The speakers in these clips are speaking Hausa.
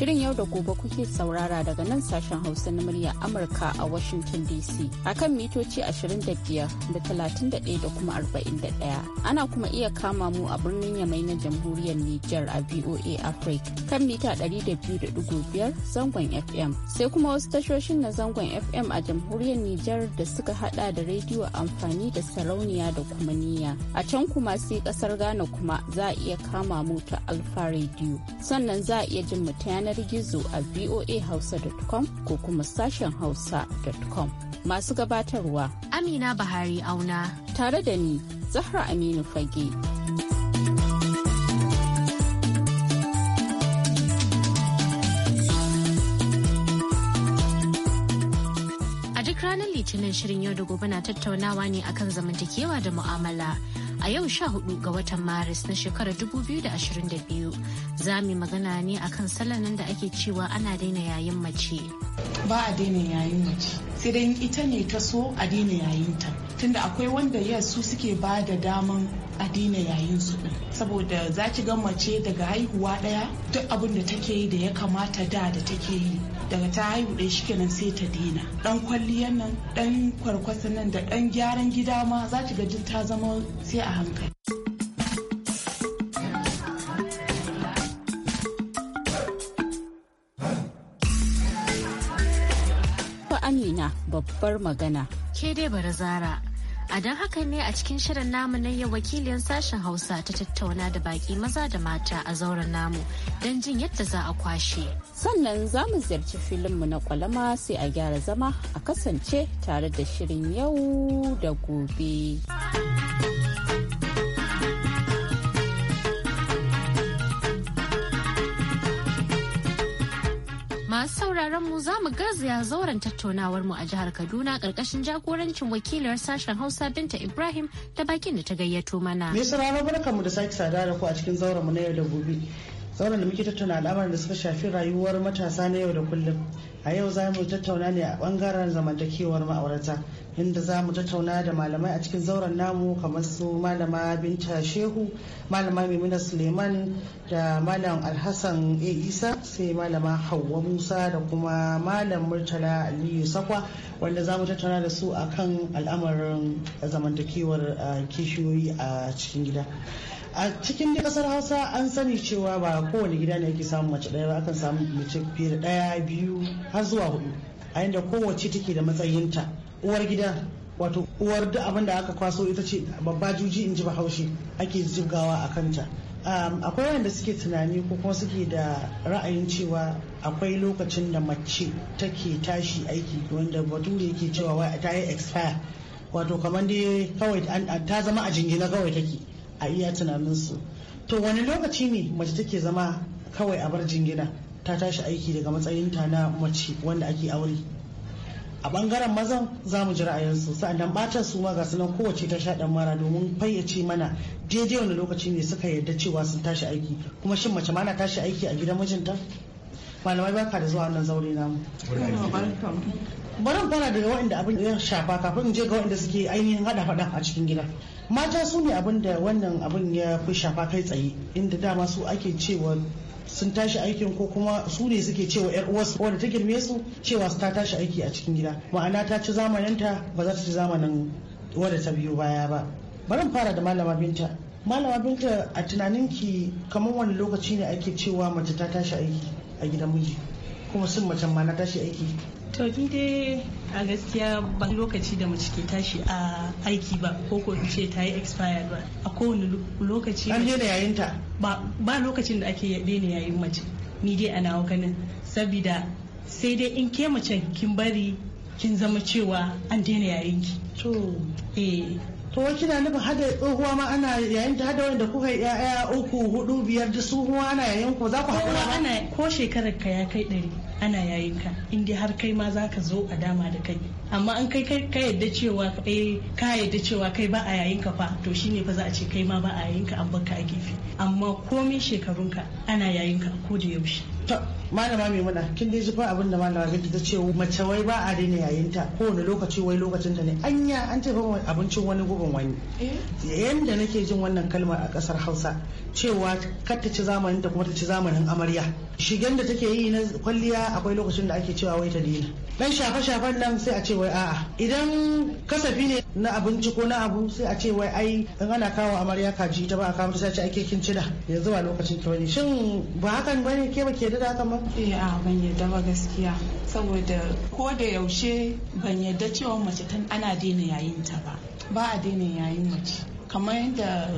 Shirin yau da gobe kuke saurara daga nan sashen Hausa na murya Amurka a Washington DC a kan mitoci 25 da 31 da kuma 41. Ana kuma iya kama mu a birnin Yamai na Jamhuriyar Nijar a VOA Africa kan mita 200.5 zangon FM. Sai kuma wasu tashoshin na zangon FM a Jamhuriyar Nijar da suka hada da rediyo amfani da sarauniya da kuma niyya. A can kuma sai kasar Ghana kuma za a iya kama mu ta Alfa Radio. Sannan za a iya jin mu ta yanar yanar gizo a voahausa.com ko kuma sashen hausa.com. Masu gabatarwa Amina Bahari Auna. Tare da ni, Zahra Aminu Fage. A duk ranar Litinin shirin yau da gobe na tattaunawa ne akan zamantakewa da mu'amala. a yau sha hudu ga watan maris na shekarar 2022 za mu magana ne akan salon da ake cewa ana daina yayin mace ba a daina yayin mace sai dai ita ne ta so a daina yayin ta, tunda akwai wanda ya su suke ba da daman a daina yayin su din saboda za ki ga mace daga haihuwa daya duk abin da take yi da ya kamata da da take yi daga ta haihu ɗaya shi kenan sai ta dina ɗan kwalliyan nan ɗan kwarkwasa nan da ɗan gyaran gida ma za ki ga ta zama sai a hankali Amina babbar magana. Ke dai bara zara A don haka ne a cikin shirin namu na yau wakilin sashen Hausa ta tattauna da baki maza da mata a zauren namu don jin yadda za a kwashe. Sannan za mu ziyarci filinmu na kwalama sai a gyara zama a kasance tare da shirin yau da gobe. sauraron mu za mu garzaya zauren tattaunawar mu a jihar Kaduna karkashin jagorancin wakilar sashen Hausa Binta Ibrahim da bakin da ta gayyato mana. Me sauraron mu da sake sada da ku a cikin zauren mu na yau da gobe. Zauren da muke tattauna al'amuran da suka shafi rayuwar matasa na yau da kullum. a yau za mu tattauna ne a bangaren zamantakewar ma'aurata inda za mu tattauna da malamai a cikin zauren namu kamar su malama binta shehu malama maimuna suleiman da malam alhassan a isa sai malama hauwa musa da kuma malam murtala aliyu sakwa wanda za mu tattauna da su akan al'amarin zamantakewar eh, kishiyoyi a cikin gida a cikin kasar hausa an sani cewa ba kowane gida ne ake samun mace ɗaya ba akan samu mace fiye da ɗaya biyu har zuwa hudu a inda kowace take da matsayinta uwar gida wato uwar duk abin da aka kwaso ita ce babba juji in ji bahaushe ake jibgawa a kanta akwai wanda suke tunani ko kuma suke da ra'ayin cewa akwai lokacin da mace take tashi aiki wanda bature ke cewa ta yi expire wato kamar dai kawai ta zama a jingina kawai take a iya tunaninsu to wani lokaci ne mace take zama kawai a bar jingina ta tashi aiki daga matsayinta na mace wanda ake aure a bangaren mazan za mu ji ra'ayinsu sa'annan batan su ma ga sunan kowace ta sha dan mara domin fayyace mana daidai wani lokaci ne suka yarda cewa sun tashi aiki kuma shin mace ma tashi aiki a gidan mijinta malamai baka da zuwa wannan zaure namu bari fara daga waɗanda abin ya shafa kafin in je ga waɗanda suke ainihin hada faɗa a cikin gida mata su ne abin da wannan abin ya fi shafa kai tsaye inda dama su ake cewa sun tashi aikin ko kuma su ne suke cewa yar uwarsu wanda ta girme su cewa su ta tashi aiki a cikin gida ma'ana ta ci zamaninta ba za ta ci zamanin wadda ta biyo baya ba bari fara da malama binta malama binta a tunaninki kamar wani lokaci ne ake cewa mace ta tashi aiki a gidan miji kuma sun mace ma na tashi aiki to ni dai a gaskiya ban lokaci da mace ke tashi a aiki ba ko ko in ce ta yi expired ba a kowane lokaci an daina yayin ta ba lokacin da ake daina yayin mace ni dai a nawa ganin sabida sai dai in ke mace kin bari kin zama cewa an daina yayin ki to eh to wai kina nufin hada tsohuwa ma ana yayin da hada wanda kuka yaya uku hudu biyar da tsohuwa ana yayin ku za ku hada ana ko shekarar ka ya kai dari ana yayin ka in dai har kai ma za ka zo a dama da kai amma an kai ka yadda cewa kai eh, ka yadda cewa kai ba a yayin ka fa to shine fa za a ce kai ma ba a yayin ka an ka a gefe amma komai shekarun ka ana yayin ka ko da yaushe malama mai muna kin dai abinda abin da malama binta ta ce mace wai ba a daina yayin ta kowane lokaci wai lokacin ta ne anya an ce abincin wani gubin wani eh? yanda nake jin wannan kalmar a kasar Hausa cewa kar ta ci zamanin da kuma ta ci zamanin amarya shigen da take yi na kwalliya akwai lokacin da ake cewa wai ta daina dan shafa shafan nan sai a ce wai a'a idan kasafi ne na abinci ko na abu sai a ce wai ai in ana kawo amarya kaji ta ba a kawo ta sai a ce ake kin cida yanzu ba lokacin ta wani shin ba hakan bane ke ba ke da hakan ba Eh a ban yadda ba gaskiya saboda ko da yaushe ban yarda cewa mace tan ana daina yayin ta ba. Ba a daina yayin mace. Kamar yadda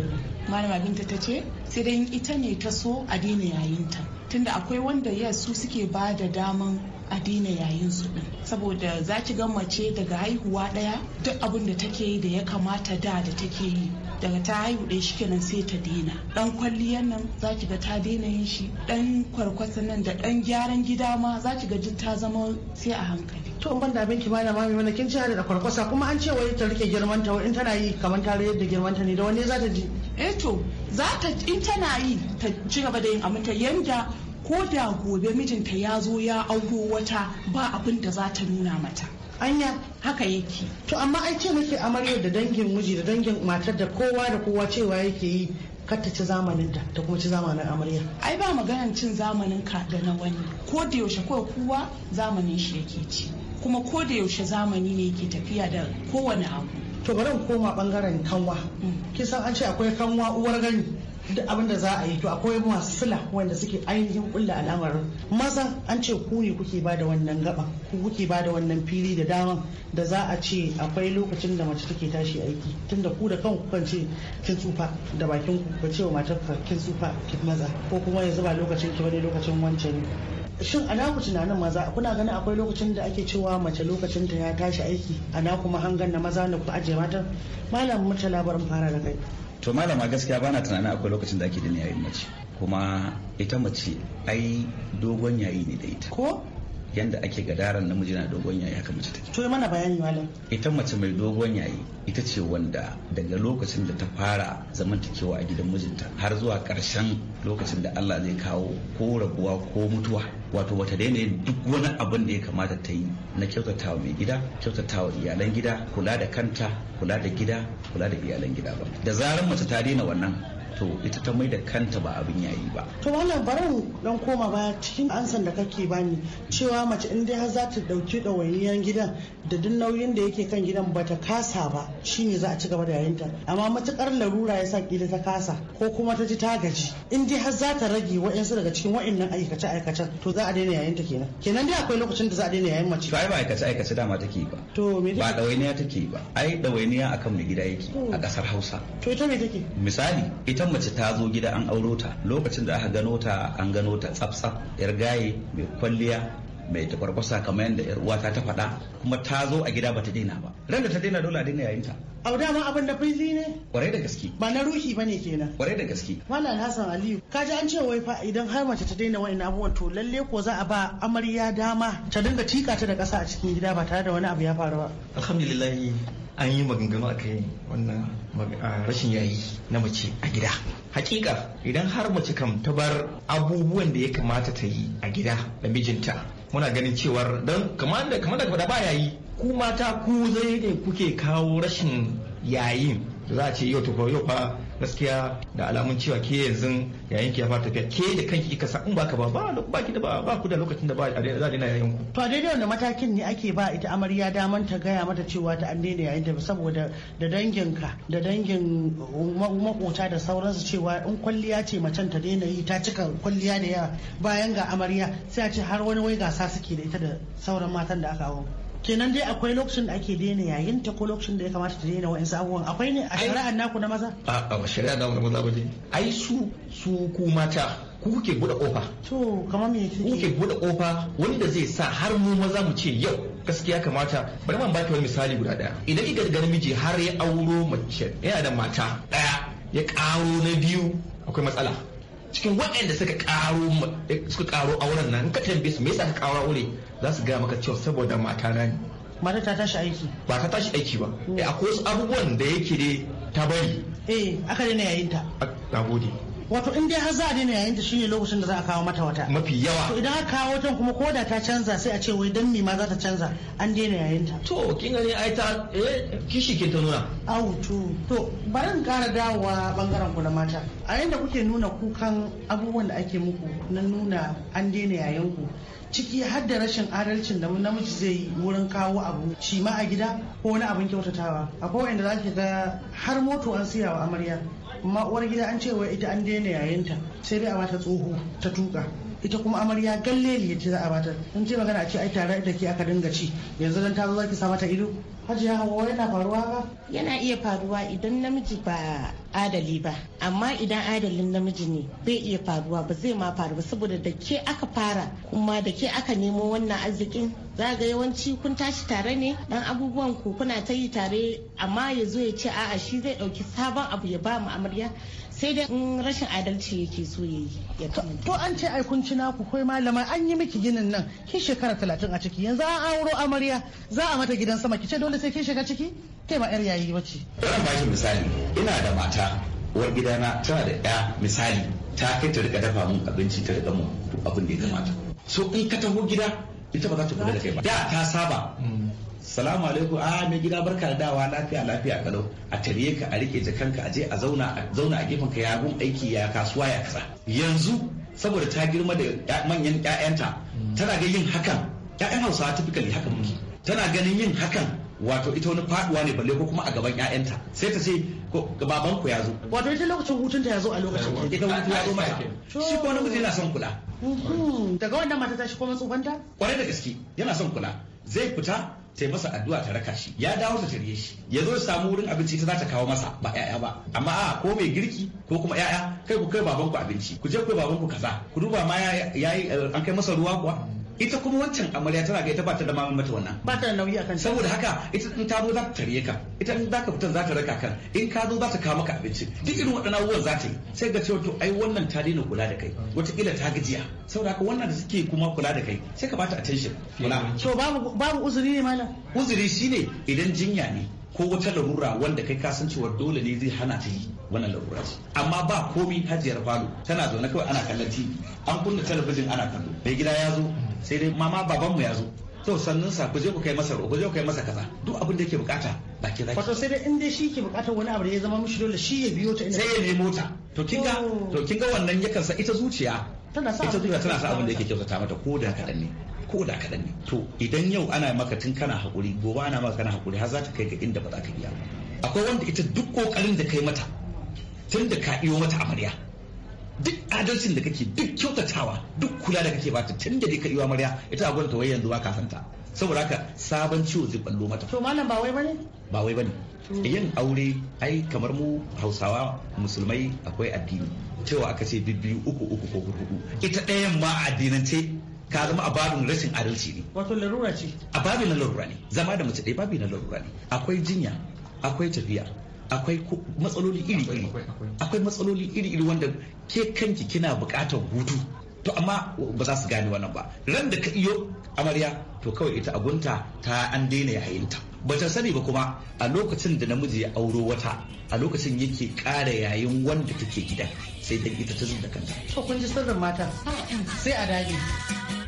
malama binta ta ce sai dai ita ne ta so a daina yayin ta. Tunda akwai wanda yasu suke ba da daman a daina yayin su din saboda za ki ga mace daga haihuwa daya duk abin da take yi da ya kamata da da take yi daga ta haihu ɗaya shi kenan sai ta daina dan kwalliyan nan za ki ga ta daina yin shi dan kwarkwasa nan da dan gyaran gida ma za ki ga duk ta zama sai a hankali to an banda binki abinki ba mami mana kin ci da kwarkwasa kuma an ce wai ta rike girman ta in tana yi kamar ta yadda girman ta ne da wani za ta ji eh to za ta in tana yi ta ci gaba da yin ta yanda ko da gobe mijinta ya zo ya auro wata ba abin da za ta nuna mata anya haka yake to amma ai ce muke amaryar da dangin miji da dangin matar da kowa da kowa cewa yake yi kar ta ci zamanin ta ta kuma ci zamanin amarya ai ba maganan cin zamanin ka da na wani ko da yaushe ko kowa zamanin shi yake ci kuma ko da yaushe zamani ne yake tafiya da kowane abu to bari koma bangaren kanwa mm. kisan an ce akwai kanwa uwar gani duk abin da za a yi to akwai masu sula wanda suke ainihin kulla al'amarin maza an ce ku ne kuke ba da wannan gaba ku kuke ba da wannan fili da daman da za a ce akwai lokacin da mace take tashi aiki tunda ku da kanku kan ce kin tsufa da bakin ku ba wa matar kin tsufa ki maza ko kuma ya zuba lokacin ki bane lokacin wancan ne shin ana ku tunanin maza kuna ganin akwai lokacin da ake cewa mace lokacin ta ya tashi aiki ana kuma an na maza na ku ajiye matar malam mutala barin fara da kai to malama gaskiya bana tunanin akwai lokacin da ake da yayin mace kuma ita mace ai dogon yayi ne da ita ko yanda ake gadaran namiji na dogon yayi haka mace take to mana bayani malam ita mace mai dogon yayi ita ce wanda daga lokacin da ta fara zamantakewa a gidan mijinta har zuwa karshen lokacin da Allah zai kawo ko rabuwa ko mutuwa wato wata daina yin duk wani abin da ya kamata ta yi na kyautatawa mai gida kyautatawa iyalan gida kula da kanta kula da gida kula da iyalan gida ba da zarar mace ta daina wannan to ita ta mai da kanta ba abin yayi ba to wannan barin dan koma ba cikin ansan da kake bani cewa mace in dai har za ta dauki dawainiyan gidan da duk nauyin da yake kan gidan bata kasa ba shine za a ci gaba da yayinta amma matukar larura ya sa kila ta kasa ko kuma ta ji ta gaji in dai har za ta rage wa'yansu daga cikin wa'annan aikace aikacen to za a daina yayinta kenan kenan dai akwai lokacin da za a daina yayin mace to ai ba aikace aikace dama take ba to me ba dawainiya take ba ai dawainiya akan mai gida yake a kasar Hausa to ita me take misali ita idan mace ta zo gida an auro ta lokacin da aka gano ta an gano ta tsafsa yar gaye mai kwalliya mai tafarkwasa kamar yadda yar uwata ta faɗa kuma ta zo a gida bata daina ba ran da ta daina dole a daina yayin ta au dama abin da fili ne kwarai da gaske ba na ruhi bane kenan kwarai da gaske malam hasan aliyu ka ji an ce wai fa idan har mace ta daina wani abubuwan to lalle ko za a ba amarya dama ta dinga tika ta da ƙasa a cikin gida ba tare da wani abu ya faru ba alhamdulillah an yi maganganu a kai wannan rashin yayi na mace a gida hakika idan har mace kam ta bar abubuwan da ya kamata ta yi a gida da mijinta muna ganin cewar don kamar da kamar da faɗa ba yayi ku mata ku zai ne kuke kawo rashin yayin za a ce yau ta yau fa gaskiya da alamun cewa ke yanzu yayin ki ya fara tafiya ke da kanki kika sa in baka ba ba ki da ba ba ku da lokacin da ba za a daina yayin ku to daidai wanda matakin ne ake ba ita amarya daman ta gaya mata cewa ta an daina yayin ta saboda da danginka da dangin makota da sauransu cewa in kwalliya ce macen ta daina yi ta cika kwalliya da yawa bayan ga amarya sai a ce har wani wai gasa suke da ita da sauran matan da aka awo kenan dai akwai lokacin da ake daina yayin ta ko lokacin da ya kamata ta daina wa'in abubuwan akwai ne a shari'ar naku na maza a a shari'ar naku na maza ba ne ai su su ku mata ku kuke buɗe kofa to kamar me kuke kuke buɗe kofa wanda zai sa har mu maza mu ce yau gaskiya kamata bari man baki wani misali guda daya idan kika ga miji har ya auro mace yana da mata daya ya ƙaro na biyu akwai matsala cikin waɗanda suka karo eh, suka karo auren nan ka tambaye su me yasa ka karo aure za su ga maka cewa saboda mata na ne mata ta tashi aiki ba ta tashi aiki ba hmm. eh akwai wasu abubuwan da yake dai ta bari eh aka daina yayin ta nagode wato in dai har za a daina yayin da shine lokacin da za a kawo mata wata mafi yawa to idan aka kawo watan kuma ko da ta canza sai a ce wai dan me ma za ta canza an daina yayin ta to kin gani ai ta eh kishi ke ta nuna au to to bari kara dawowa bangaren ku na mata a yayin kuke nuna kukan abubuwan da ake muku na nuna an daina yayin ku ciki har da rashin adalcin da namiji zai yi wurin kawo abu shi ma a gida ko wani abin kyautatawa akwai wanda za ki ga har moto an siya wa amarya amma uwar gida an ce wai ita an daina yayinta sai dai a mata tsoho ta tuka ita kuma amarya ne ce za a bata in ce magana a ce ai tare da ke aka dinga ci yanzu dan ta zo zaki sa mata ido hajiya hawa yana faruwa ba yana iya faruwa idan namiji ba adali ba amma idan adalin namiji ne bai iya faruwa ba zai ma faru ba saboda da ke aka fara kuma da ke aka nemo wannan arzikin za ga yawanci kun tashi tare ne dan abubuwan ku kuna ta yi tare amma yazo ya ce a'a shi zai dauki sabon abu ya ba mu amarya sai dai rashin adalci yake so ya yi to an ce ai kun ci naku kai malama an yi miki ginin nan ki shekara talatin a ciki yanzu an auro amarya za a mata gidan sama ki ce dole sai kin shiga ciki kai ba yar yayi bace zan baki misali ina da mata uwar gidana tana da ya misali ta kai ta rika dafa mun abinci ta rika mun abin da ya kamata so in ka taho gida ita ba za ta kula da kai ba da ta saba mm. salamu alaikum a mai gida barka da dawa lafiya lafiya kalau a tare ka a rike jakanka a je a zauna a zauna a gefen ka ya gun aiki ya kasuwa ya kasa yanzu saboda ta girma da manyan ƴaƴanta hmm. tana ga yin hakan ƴaƴan Hausawa typically hakan muke hmm. tana ganin yin hakan wato ita wani faduwa ne balle ko kuma a gaban ƴaƴanta sai ta ce baban ku ya zo wato ita lokacin hutunta ya zo a lokacin ita hutun ya zo mata shi ko wani yana son kula daga wannan mata ta shi kuma tsubanta kwarai da gaske yana son kula zai fita sai masa addu'a ta raka shi ya dawo ta tare shi ya zo samu wurin abinci ta za ta kawo masa ba yaya ba amma a ko mai girki ko kuma yaya kai ku kai babanku abinci ku je ku babanku kaza ku duba ma ya yi eh, an kai masa ruwa kuwa ita kuma wancan amarya tana ga ita ba ta da mamun mata wannan ba ta da nauyi akan saboda haka ita in ta zo za ta tare ka ita in zaka fita za ta raka kan. in ka zo za ta kawo maka abinci duk irin waɗannan abubuwan za ta yi sai ga cewa to ai wannan ta daina kula da kai wataƙila ta gajiya saboda haka wannan da suke kuma kula da kai sai ka bata attention kula so babu babu uzuri ne malam uzuri shine idan jinya ne ko wata larura wanda kai kasan cewa dole ne zai hana ta yi wannan larura ce amma ba komi hajiyar falo tana zaune kawai ana kallon tv an kunna talabijin ana kallo mai gida ya zo sai dai mama babanmu ya zo to sannan sa ku je ku kai masa ku je ku kai masa kaza duk abin da yake bukata ba ki zaki wato sai dai in dai shi yake bukatar wani abu da ya zama mishi dole shi ya biyo ta sai ya ne mota to kin ga oh. to kin ga wannan yakan sa ita zuciya tana sa ita zuciya tana sa abin da yake kyautata mata ko da kadan ne ko da kadan ne to idan yau ana maka tun kana hakuri gobe ana maka kana hakuri har za ta kai ga inda ba za ka iya ba akwai wanda ita duk kokarin da kai mata tun da ka iyo mata amarya duk adalcin da kake duk kyautatawa duk kula da kake bata tun da ka iwa murya ita a gwanta wai yanzu ba ka saboda haka sabon ciwo zai ballo mata to malam ba wai bane ba wai bane yin aure ai kamar mu hausawa musulmai akwai addini cewa aka ce bibbiyu uku uku ko hudu ita ɗayan ma addinance ka zama a babin rashin adalci ne wato larura ce a babin na larura ne zama da mace ɗaya babin na larura ne akwai jinya akwai tafiya akwai matsaloli iri-iri akwai matsaloli iri-iri wanda ke kanki kina bukatar hutu to amma ba za su gane wannan ba ran da ka iyo amarya to kawai ita agunta ta an daina yayinta ba ta sani ba kuma a lokacin da namiji ya auro wata a lokacin yake kara yayin wanda take gidan sai dan ita ta zub kanta to kun ji sirrin mata sai a dage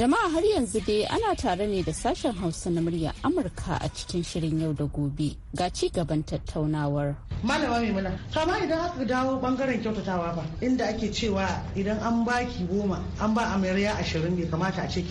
Jama'a har yanzu dai ana tare ne da sashen Hausa na murya Amurka a cikin shirin yau da gobe ga ci gaban tattaunawar. Malama mai mana kama idan aka dawo bangaren kyautatawa ba inda ake cewa idan an baki goma an ba amarya ashirin bai kamata a ce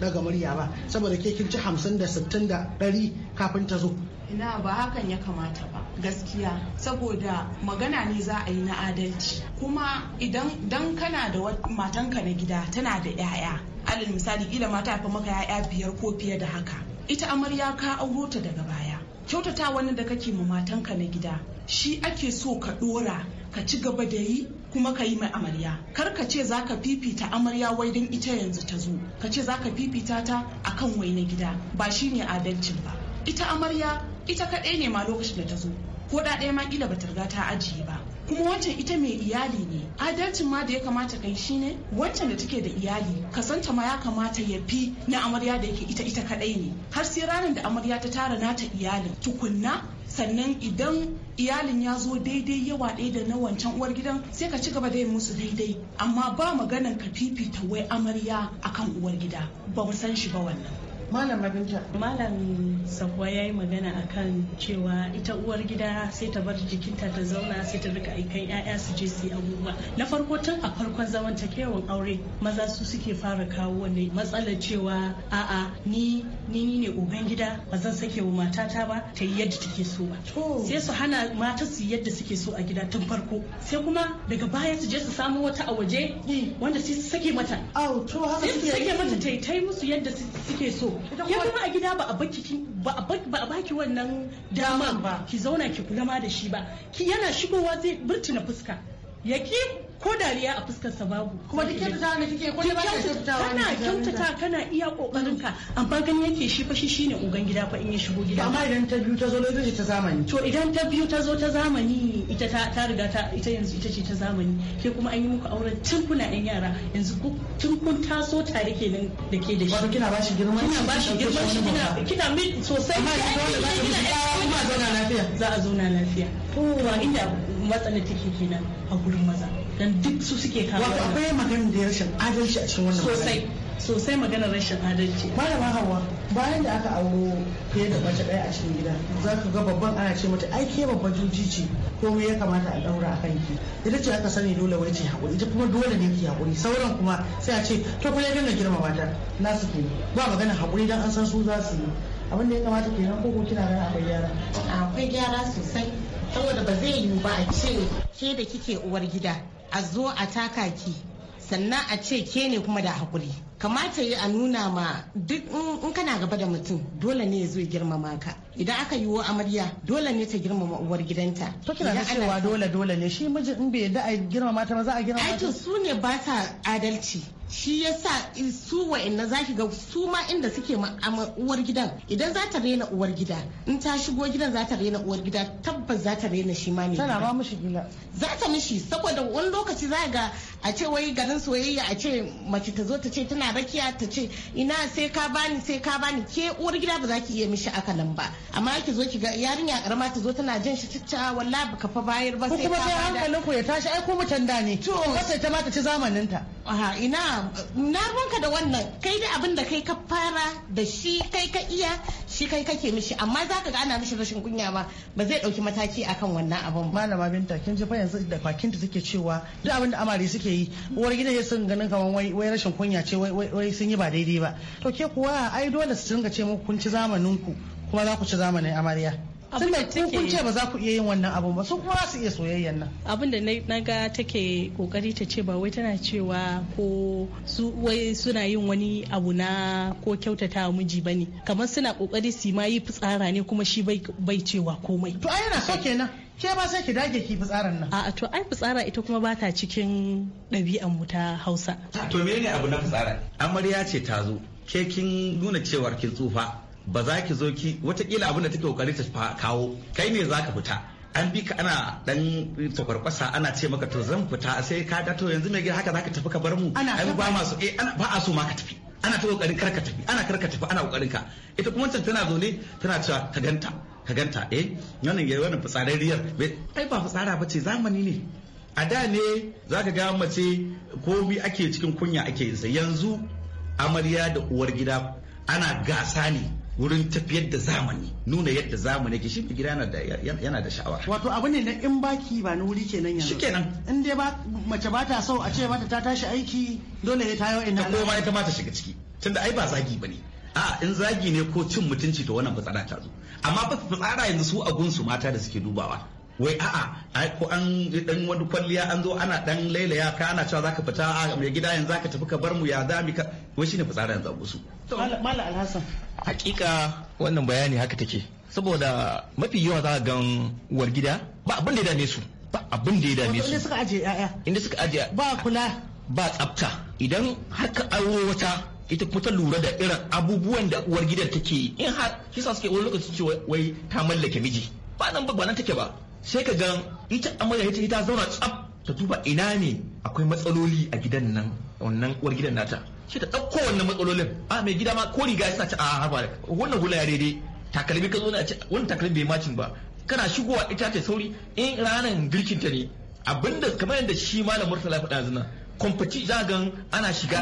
daga murya ba saboda ke kin ci hamsin da sittin da ɗari kafin ta zo. Ina ba hakan ya kamata ba gaskiya saboda magana ne za a yi na adalci kuma idan dan kana da matanka na gida tana da 'ya'ya alal misali kila mata fa maka ya'ya biyar ko fiye da haka ita amarya ka auro ta daga baya kyautata wannan da kake ma matanka na gida shi ake so ka dora ka ci gaba da yi kuma ka yi mai amarya kar ka ce za ka fifita amarya wai don ita yanzu ta zo ka ce za ka fifita ta a kan wai na gida ba shi ne adalcin ba ita amarya ita kaɗai ne ma lokacin da ta zo ko da ɗaya ma kila bata riga ta ajiye ba kuma wancan ita mai iyali ne adalcin ma da ya kamata kai ne wancan da take da iyali kasanta ma ya kamata ya fi na amarya da yake ita ita kadai ne har sai ranar da amarya ta tara nata iyalin tukunna sannan idan iyalin ya zo daidai yawa ɗaya da na wancan uwar gidan sai ka ci gaba da yin musu daidai amma ba maganan ka fifita wai amarya akan uwar gida ba mu san shi ba wannan Malam Binta. Malam Sakwa ya yi magana akan cewa ita uwar gida sai ta bar jikinta ta zauna sai ta rika aikan 'ya'ya su je su yi abubuwa. Na farko tun a farkon zaman kewan aure maza su suke fara kawo wani matsalar cewa a'a ni ni ne uban gida ba zan sake wa matata ba ta yi yadda take so ba. Sai su hana mata su yi yadda suke so a gida tun farko. Sai kuma daga baya su je su samu wata a waje wanda sai su sake mata. to haka Sai su sake mata ta yi musu yadda suke so. ya kuma a gida ba a baki wannan dama ba ki zauna ki kula ma da shi ba ki yana shigowa zai burtuna fuska ya ki ko dariya a fuskarsa babu kuma duk kyautata ne kike ko ba kyautata kana kyautata kana iya kokarin ka amma gani yake shi fa shi shine ugan gida fa in ya shigo gida amma idan ta biyu ta zo lokaci ta zamani to idan ta biyu ta zo ta zamani ita ta ta riga ta ita yanzu ita ce ta zamani ke kuma an yi muku auren tun kuna yan yara yanzu tun kun taso tare kenan da ke da shi wato kina bashi girma kina bashi girman kina kina mi sosai amma idan wanda ba ta ba zauna lafiya za a zauna lafiya to inda matsalar take kenan a gurin maza dan duk su suke kawo wato akwai maganar da rashin adalci a cikin wannan sosai sosai maganar rashin adalci malama hawa bayan da aka auro fiye da mace ɗaya a cikin gida za ka ga babban ana ce mata ai ke babban juji ce ko ya kamata a daura a kanki ita ce aka sani dole wai ce hakuri ita kuma dole ne ki hakuri sauran kuma sai a ce to kuma ya dinga girma mata su ke ba magana hakuri dan an san su za su yi abin da ya kamata kenan ko kina ganin akwai gyara akwai gyara sosai saboda ba zai yiwu ba a ce ke da kike uwar gida a zo a taka ki sannan a ce ke ne kuma da hakuri kamata yi a nuna ma duk in kana gaba da mutum dole ne ya zo girmama ka idan aka yiwu amarya dole ne ta girmama uwar gidanta to kina da cewa dole dole ne shi miji in bai da a girmama ta ba za a girmama ta aikin su ne ba sa adalci shi ya yasa su wa'anna za ki ga su ma inda suke uwar gidan idan za ta rena uwar gida in ta shigo gidan za ta rena uwar gida tabbas za ta rena shi ma ne. tana ma mishi gila za ta mishi saboda wani lokaci za ga a ce wai garin soyayya a ce mace ta zo ta ce tana rakiya ta ce ina sai ka bani sai ka bani ke uwar gida ba za ki iya mishi akalan ba amma ki zo ki ga yarinya karama ta zo tana jin shi cicca ah, walla baka fa bayar ba sai ka kuma hankalin ku ya tashi ai ko mutan da ne to sai ta ma ta ci zamanin ta aha ina na ruwanka da wannan kai da abin da kai ka fara da shi kai ka iya shi kai kake mishi amma za ka ga ana mishi rashin kunya ma ba zai dauki mataki akan wannan abin malama binta kin ji fa yanzu da ta take cewa duk abin da amare suke yi uwar gida ya sun ganin kamar wai wai rashin kunya ce wai sun yi ba daidai ba to ke kuwa ai dole su dinga ce muku kun ci zamanin ku kuma za ku ci zamanin amarya tun da kun ce ba za ku iya yin wannan abun ba su kuma su iya soyayyan nan abin da na ga take kokari ta ce ba wai tana cewa ko su wai suna yin wani abu na ko kyautata miji bane kamar suna kokari su ma yi fitsara ne kuma shi bai cewa komai to ai yana so kenan ke ba sai ki dage ki fitsarin nan a to ai fitsara ita kuma ba ta cikin ɗabi'an mu ta Hausa to menene abu na fitsara amarya ce ta zo ke kin nuna cewar kin tsufa ba za ki zo ki watakila abin da take kokari ta kawo kai ne za ka fita an bi ka ana dan tsakwarkwasa ana ce maka to zan fita sai ka ga to yanzu mai gida haka za ka tafi ka bar mu ai ba ma eh ana ba a so ma ka tafi ana ta kokarin karka tafi ana karka tafi ana kokarin ka ita kuma tana zo ne tana cewa ka ganta ka ganta eh wannan yayi wannan fitsarariyar ai ba fitsara ba ce zamani ne a da ne za ka ga mace komi ake cikin kunya ake yin sa yanzu amarya da uwar gida ana gasa ne wurin tafiyar da zamani nuna yadda zamani yake shi gida yana da sha'awa wato abu ne na in baki ba na wuri kenan yanzu shikenan in dai ba mace ba ta so a ce mata ta tashi aiki dole ya tayo ina ta koma ita ma ta shiga ciki tunda ai ba zagi bane a in zagi ne ko cin mutunci to wannan fitsara ta zo amma fa fitsara yanzu su a gunsu mata da suke dubawa wai a'a ko an dan wani kwalliya an zo ana dan lailaya ka ana cewa zaka fita a mai gida yanzu zaka tafi ka bar mu ya zami ka wai shine fitsara yanzu abu su mala alhassan hakika wannan bayani haka take saboda mafi yawa za ka gan war gida ba abin da ya dame su ba abin da ya dame su inda suka aje yaya inda suka aje ba kula ba tsafta idan haka aro wata ita kuma ta lura da irin abubuwan da uwar gidan take yi in har kisa suke wani lokaci cewa wai ta mallake miji ba nan ba nan take ba sai ka ga ita amarya ita ta zauna tsaf ta duba ina ne akwai matsaloli a gidan nan wannan uwar gidan nata shi ta ɗauko wannan matsalolin a mai gida ma ko riga yasa ta a haba wannan hula ya daidai takalmi ka zo na wannan takalmi bai macin ba kana shigowa ita ta sauri in girkin ta ne abinda kamar yadda shi malam murtala faɗa zina kwamfaci zagan ana shiga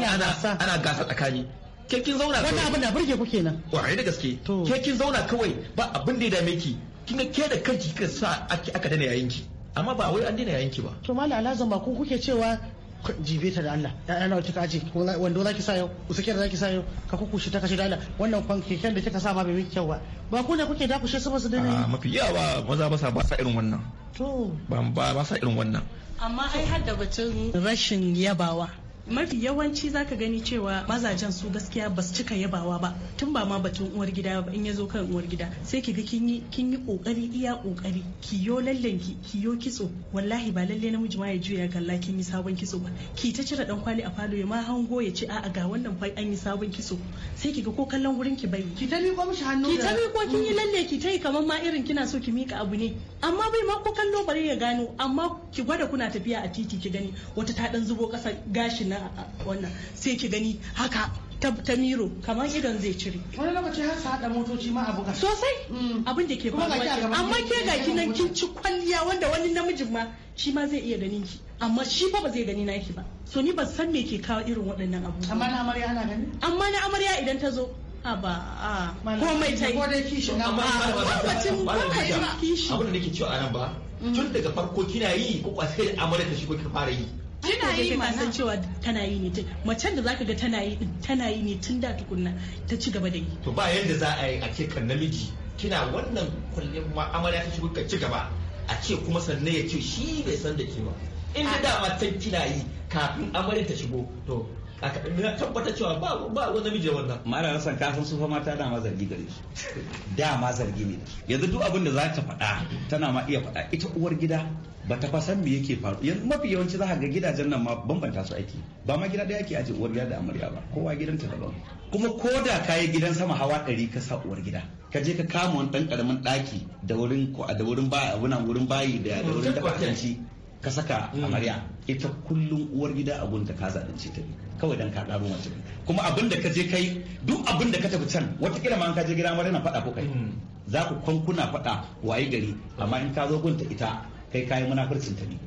ana gasa tsakani ke kin zauna kawai Wani abin da burge ku kenan kwarai da gaske ke kin zauna kawai ba abin da ya dame ki kin ke da kanki kika sa aka dana yayin ki amma ba wai an dina yayin ba to mallam alazan ba ku kuke cewa jibe ta da Allah ya nawa kika aje wanda zaki sa yau da zaki sa yau ka kushi ta kashi da Allah wannan keken da kika sa ma bai miki kyau ba ba ku ne kuke da su ba su dane mafi yawa maza ba sa ba sa irin wannan to ba ba sa irin wannan amma ai har da batun rashin yabawa mafi yawanci zaka gani cewa mazajen su gaskiya basu cika yabawa ba tun ba ma batun uwar gida ba in ya zo kan uwar gida sai ki ga kin yi kin yi kokari iya kokari ki yo lallen ki ki yo kitso wallahi ba lalle namiji ma ya juya galla kin yi sabon kitso ba ki ta cire dan kwali a falo ya ma hango ya ce a'a ga wannan fa an yi sabon kitso sai ki ga ko kallon wurin ki bai ki ta miƙo mishi hannu ki ta miƙo kin yi mm. lalle ki ta yi kamar ma irin kina so ki mika abu ne amma bai ma ko kallo bare ya gano amma ki gwada kuna tafiya a titi ki gani wata ta dan zubo kasa gashin na wannan sai ki gani haka ta miro kamar idon zai cire wani lokaci har su haɗa motoci ma abu sosai mm. abin da ke faruwa amma ke ga nan kin ci kwalliya wanda wani namijin ma shi ma zai iya ganin ki amma shi fa ba zai gani naki ba so ni ban san me ke kawo irin waɗannan abu. amma na amarya ana gani amma na amarya idan ta zo a ba a komai ta yi ko kishi na ba ko komai kishi abin da nake cewa anan ba mm. tun daga farko kina yi ko kwasai amarya ta shi ko kika fara yi ina yi ma cewa tana yi ne macen da zaka ga tana yi tana yi ne tun da tukunna ta ci gaba da yi to ba yadda za a yi a ce kan namiji kina wannan kullum ma amarya ta shigo ka ci gaba a ce kuma sannan ya ce shi bai san da ke ba inda da dama kina yi kafin amarya ta shigo to na tabbata cewa ba ba wani namiji wannan mara rasan ka san su mata dama zargi gare su dama zargi ne yanzu duk abin da za ta faɗa tana ma iya faɗa ita uwar gida ba ta san me yake faru yanzu mafi yawanci za ga gidajen nan ma bambanta su aiki ba ma gida ɗaya ake aje uwar gida da amarya ba kowa gidanta daban kuma ko da kayi gidan sama hawa ɗari ka sa uwar gida ka je ka kama wani ɗan ƙaramin ɗaki da wurin da wurin bayi da wurin dafa abinci ka saka mm. amarya ita kullum uwar gida a gunta ka zalunce ta kawai dan ka karo mace kuma abin da ka je kai duk abin da ka tafi can watakila ma an ka je gida amarya na faɗa ko kai mm. za ku kwankuna faɗa waye gari amma in ka zo gunta ita kai yi munafurcin ta ne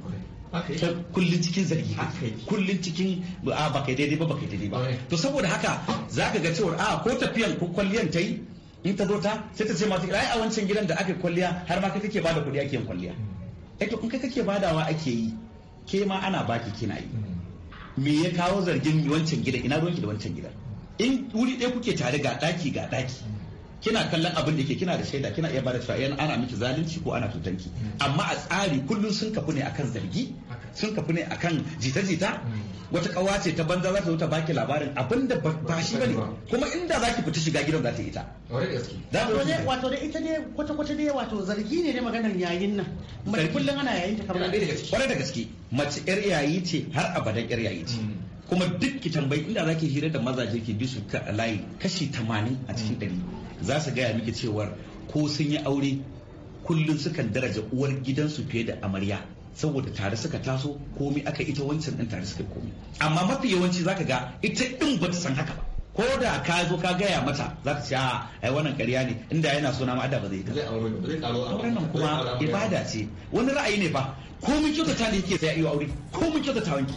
kullum cikin zargi kullum cikin a ba kai daidai ba ba kai daidai ba to saboda haka za ka ga cewar a ko tafiyan ko kwalliyan ta yi in ta zo ta sai ta ce masu ai a wancan gidan da aka kwalliya har ma kai kake bada kuɗi ake yin kwalliya mm. eto eh in kai kake badawa ake yi ke ma ana baki kina yi me ya kawo zargin wancan gida ina ruwanki da wancan gidan in wuri ɗaya kuke tare ga ɗaki ga ɗaki kina kallon abin da ke kina da shaida kina iya bada cewa ana miki zalunci ko ana tutanki mm. amma a tsari kullum sun kafu ne akan zargi sun kafu ne akan jita-jita mm. wata kawa ce ta banza za ta zo ta baki labarin abin da ba shi bane kuma inda za ki fita shiga gidan za ta ita wato da ita ne kwata-kwata ne wato zargi ne ne maganar yayin nan mace kullum ana yayin ta kamar kwarai da gaske mace yar yayi ce har abadan yar yayi ce mm. kuma duk ki tambayi inda zaki hira da mazaje ke bisu ka layi kashi 80 a cikin ɗari za su gaya miki cewar ko sun yi aure kullum sukan daraja uwar gidansu fiye da amarya saboda tare suka taso komi aka ita wancan din tare suka komi amma mafi yawanci zaka ga ita din ta san haka ba ko da ka zo ka gaya mata za ka ce a ai wannan ƙarya ne inda yana suna ma da ba zai ta wannan kuma ibada ce wani ra'ayi ne ba ko mun kyautata ne yake sai a yi aure ko kyautata wanki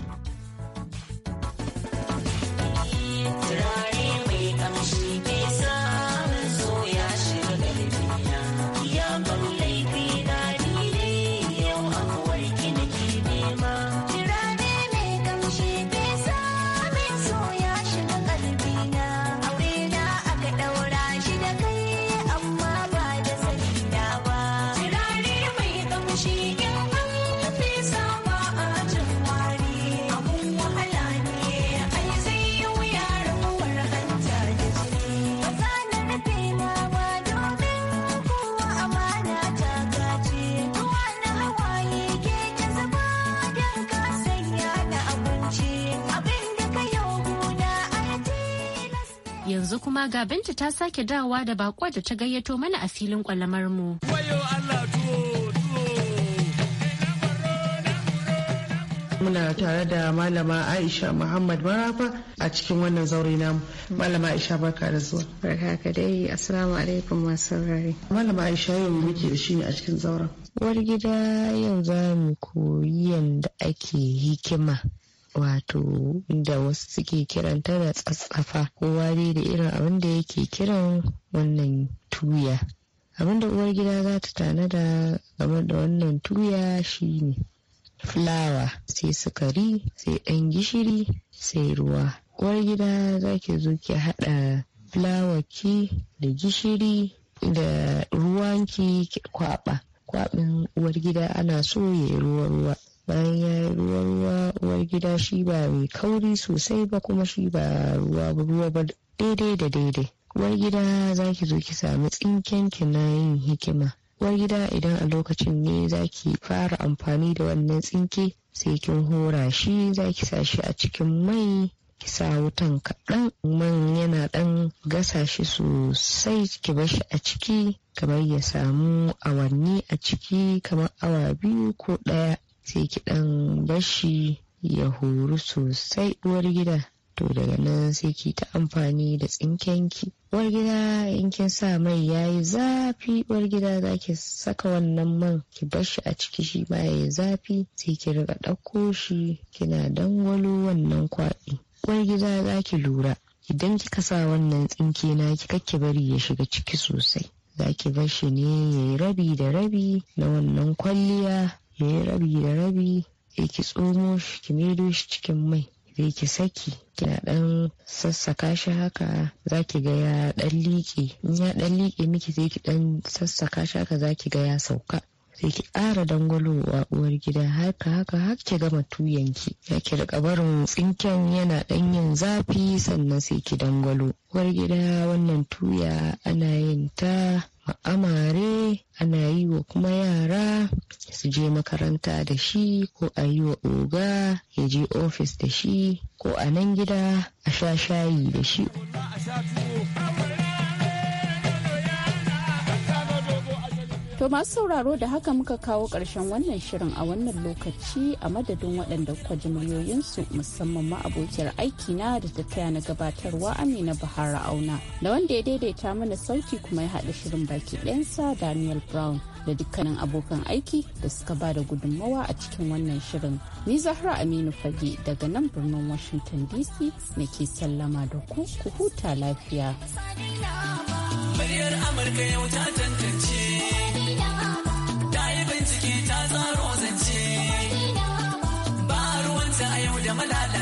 yanzu kuma ga binta ta sake dawowa da bako da ta gayyato mana a filin kwalamar mu. Muna tare da Malama Aisha Muhammad Marafa a cikin wannan zaure namu. Malama Aisha barka da zuwa. Barka ka dai, Assalamu alaikum masu saurare. Malama Aisha yau muke da shi ne a cikin zauren. Wargida yanzu yau za mu koyi yadda ake hikima wato da wasu suke kiranta da tsatsafa kowa dai da irin abin da yake kiran wannan tuya abin da uwar gida za ta tanada game da wannan tuya shine fulawa sai sukari sai ɗan gishiri sai ruwa uwar gida za ki zo ki haɗa fulawaki da gishiri da ruwanki ki kwaɓa kwaɓin uwar gida ana so ya yi ruwa-ruwa bayan ya yi ruwa ruwa uwar gida shi ba mai kauri sosai ba kuma shi ba ruwa ruwa ba daidai da daidai uwar gida za ki zo ki sami tsinken ki na yin hikima uwar gida idan a lokacin ne za ki fara amfani da wannan tsinke sai kin hora shi za ki sa shi a cikin mai ki sa wutan kaɗan man yana ɗan gasa shi sosai ki bar shi a ciki kamar ya samu awanni a ciki kamar awa biyu ko ɗaya sai ki dan bashi ya horu sosai uwar gida to daga nan sai ki ta amfani da tsinkenki uwar gida in kin sa mai yayi zafi uwar gida za ki saka wannan man ki bashi a ciki shi ma yayi zafi sai ki riga ɗauko shi kina dangwalo wannan kwaɗi uwar gida za ki lura idan kika sa wannan tsinke na ki ki bari ya shiga ciki sosai za ki bar shi ne ya yi rabi da rabi na wannan kwalliya ya yi rabi da rabi ya ki tsomo shi ki maido shi cikin mai zai ki saki kina dan sassaka shi haka ki ga ya dan liƙe in ya dan liƙe miki zai ki dan sassaka shi haka ki ga ya sauka sai ki ƙara dangwalowa uwar gida haka haka har ki gama tuyanki ya ki rika barin tsinken yana ɗan yin zafi sannan sai ki dangwalo uwar gida wannan tuya ana yin ta amare ana yi wa kuma yara su je makaranta da shi ko a yi wa oga ya je ofis da shi ko a nan gida a sha shayi da shi. To masu sauraro da haka muka kawo ƙarshen wannan shirin a wannan lokaci a madadin waɗanda kwa jimiyoyinsu musamman ma abokiyar aikina da ta taya na gabatarwa Amina Bahara Auna da wanda ya daidaita mana sauti kuma ya haɗa shirin baki ɗayansa Daniel Brown da dukkanin abokan aiki da suka ba da gudunmawa a cikin wannan shirin. Ni Zahra Aminu Fage daga nan birnin Washington DC ke sallama da ku ku huta lafiya. Muryar Amurka yau ta tantance. da malala